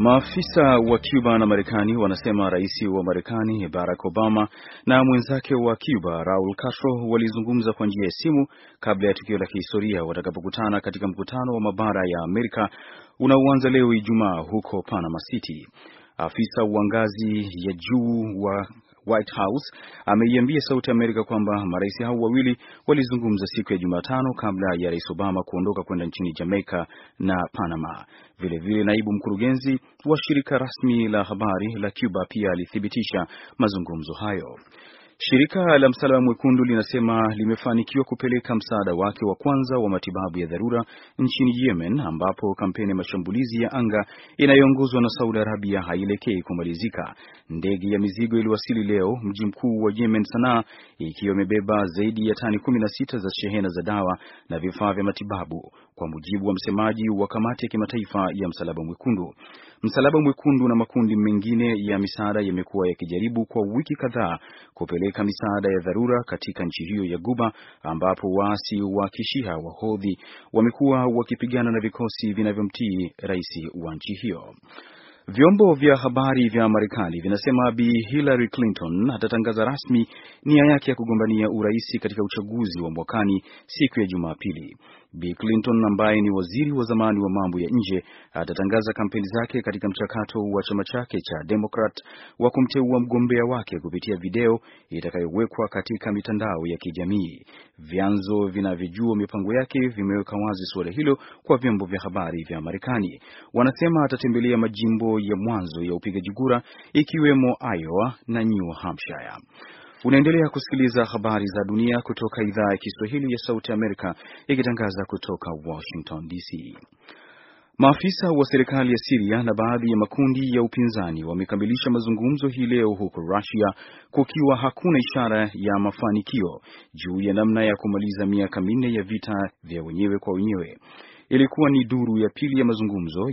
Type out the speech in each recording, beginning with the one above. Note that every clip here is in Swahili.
Maafisa wa Cuba na Marekani wanasema rais wa Marekani Barack Obama na mwenzake wa Cuba Raul Castro walizungumza kwa njia ya simu kabla ya tukio la kihistoria watakapokutana katika mkutano wa mabara ya Amerika unaoanza leo Ijumaa huko Panama City. Afisa wa ngazi ya juu wa White House ameiambia Sauti Amerika kwamba marais hao wawili walizungumza siku ya Jumatano kabla ya Rais Obama kuondoka kwenda nchini Jamaica na Panama. Vilevile vile naibu mkurugenzi wa shirika rasmi la habari la Cuba pia alithibitisha mazungumzo hayo. Shirika la Msalaba Mwekundu linasema limefanikiwa kupeleka msaada wake wa kwanza wa matibabu ya dharura nchini Yemen ambapo kampeni ya mashambulizi ya anga inayoongozwa na Saudi Arabia haielekei kumalizika. Ndege ya mizigo iliwasili leo mji mkuu wa Yemen, Sanaa, ikiwa imebeba zaidi ya tani 16 za shehena za dawa na vifaa vya matibabu, kwa mujibu wa msemaji wa kamati ya kimataifa ya Msalaba Mwekundu. Msalaba Mwekundu na makundi mengine ya misaada yamekuwa yakijaribu kwa wiki kadhaa kupeleka misaada ya dharura katika nchi hiyo ya Guba, ambapo waasi wa kishiha wahodhi wamekuwa wakipigana na vikosi vinavyomtii rais wa nchi hiyo. Vyombo vya habari vya Marekani vinasema Bi Hillary Clinton atatangaza rasmi nia yake ya kugombania urais katika uchaguzi wa mwakani siku ya Jumapili. Bi Clinton ambaye ni waziri wa zamani wa mambo ya nje atatangaza kampeni zake katika mchakato wa chama chake cha Democrat wa kumteua mgombea wake kupitia video itakayowekwa katika mitandao ya kijamii. Vyanzo vinavyojua mipango yake vimeweka wazi suala hilo kwa vyombo vya habari vya Marekani. Wanasema atatembelea majimbo ya mwanzo ya upigaji kura ikiwemo Iowa na New Hampshire. Unaendelea kusikiliza habari za dunia kutoka idhaa ya Kiswahili ya Sauti Amerika ikitangaza kutoka Washington DC. Maafisa wa serikali ya Siria na baadhi ya makundi ya upinzani wamekamilisha mazungumzo hii leo huko Russia kukiwa hakuna ishara ya mafanikio juu ya namna ya kumaliza miaka minne ya vita vya wenyewe kwa wenyewe. Ilikuwa ni duru ya pili ya mazungumzo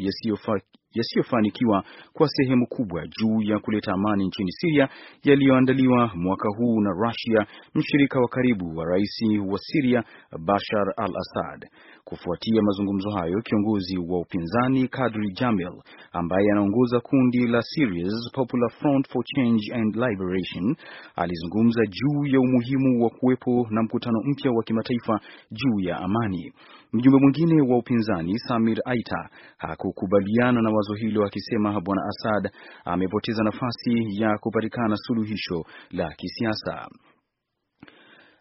yasiyofanikiwa kwa sehemu kubwa juu ya kuleta amani nchini Siria yaliyoandaliwa mwaka huu na Russia, mshirika wa karibu wa rais wa Siria Bashar al-Assad. Kufuatia mazungumzo hayo, kiongozi wa upinzani Kadri Jamil ambaye anaongoza kundi la Syria's Popular Front for Change and Liberation alizungumza juu ya umuhimu wa kuwepo na mkutano mpya wa kimataifa juu ya amani. Mjumbe mwingine wa upinzani Samir Aita hakukubaliana na tangazo hilo akisema Bwana Assad amepoteza nafasi ya kupatikana suluhisho la kisiasa.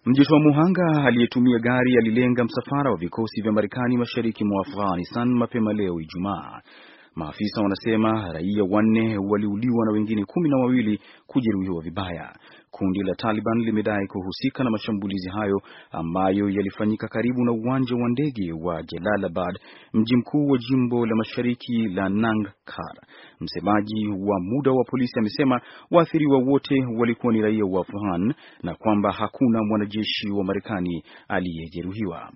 Mjitoa muhanga aliyetumia gari alilenga msafara wa vikosi vya Marekani mashariki mwa Afghanistan mapema leo Ijumaa. Maafisa wanasema raia wanne waliuliwa na wengine kumi na wawili kujeruhiwa vibaya. Kundi la Taliban limedai kuhusika na mashambulizi hayo ambayo yalifanyika karibu na uwanja wa ndege wa Jalalabad, mji mkuu wa jimbo la mashariki la Nangarhar. Msemaji wa muda wa polisi amesema waathiriwa wote walikuwa ni raia wa Afghan na kwamba hakuna mwanajeshi wa Marekani aliyejeruhiwa.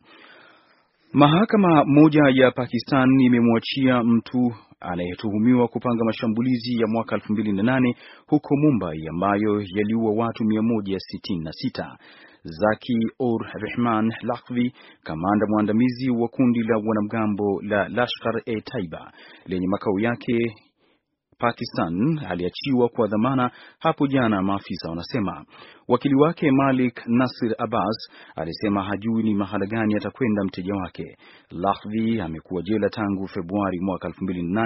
Mahakama moja ya Pakistan imemwachia mtu anayetuhumiwa kupanga mashambulizi ya mwaka 2008 huko Mumbai ambayo yaliua watu 166. Zaki ur Rehman Lakhvi, kamanda mwandamizi wa kundi la wanamgambo la Lashkar-e-Taiba lenye makao yake Pakistan aliachiwa kwa dhamana hapo jana, maafisa wanasema. Wakili wake Malik Nasir Abbas alisema hajui ni mahala gani atakwenda mteja wake. Lahvi amekuwa jela tangu Februari mwaka 2008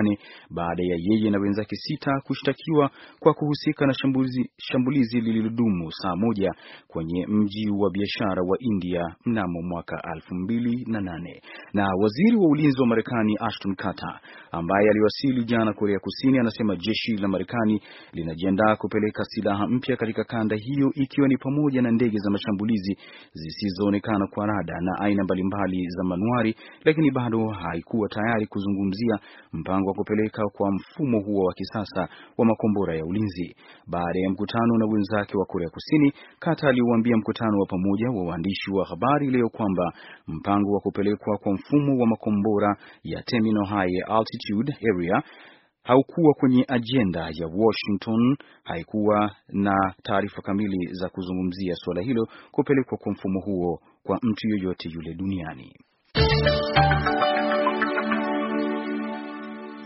baada ya yeye na wenzake sita kushtakiwa kwa kuhusika na shambulizi, shambulizi lililodumu saa moja kwenye mji wa biashara wa India mnamo mwaka 2008. Na waziri wa ulinzi wa Marekani Ashton Carter ambaye aliwasili jana Korea Kusini anasema jeshi la Marekani linajiandaa kupeleka silaha mpya katika kanda hiyo iki ikiwa ni pamoja na ndege za mashambulizi zisizoonekana kwa rada na aina mbalimbali za manuari, lakini bado haikuwa tayari kuzungumzia mpango wa kupeleka kwa mfumo huo wa kisasa wa makombora ya ulinzi. Baada ya mkutano na wenzake wa Korea Kusini, Kata aliuambia mkutano wa pamoja wa waandishi wa habari leo kwamba mpango wa kupelekwa kwa mfumo wa makombora ya Terminal High Altitude Area haukuwa kwenye ajenda ya Washington. Haikuwa na taarifa kamili za kuzungumzia suala hilo kupelekwa kwa mfumo huo kwa mtu yoyote yule duniani.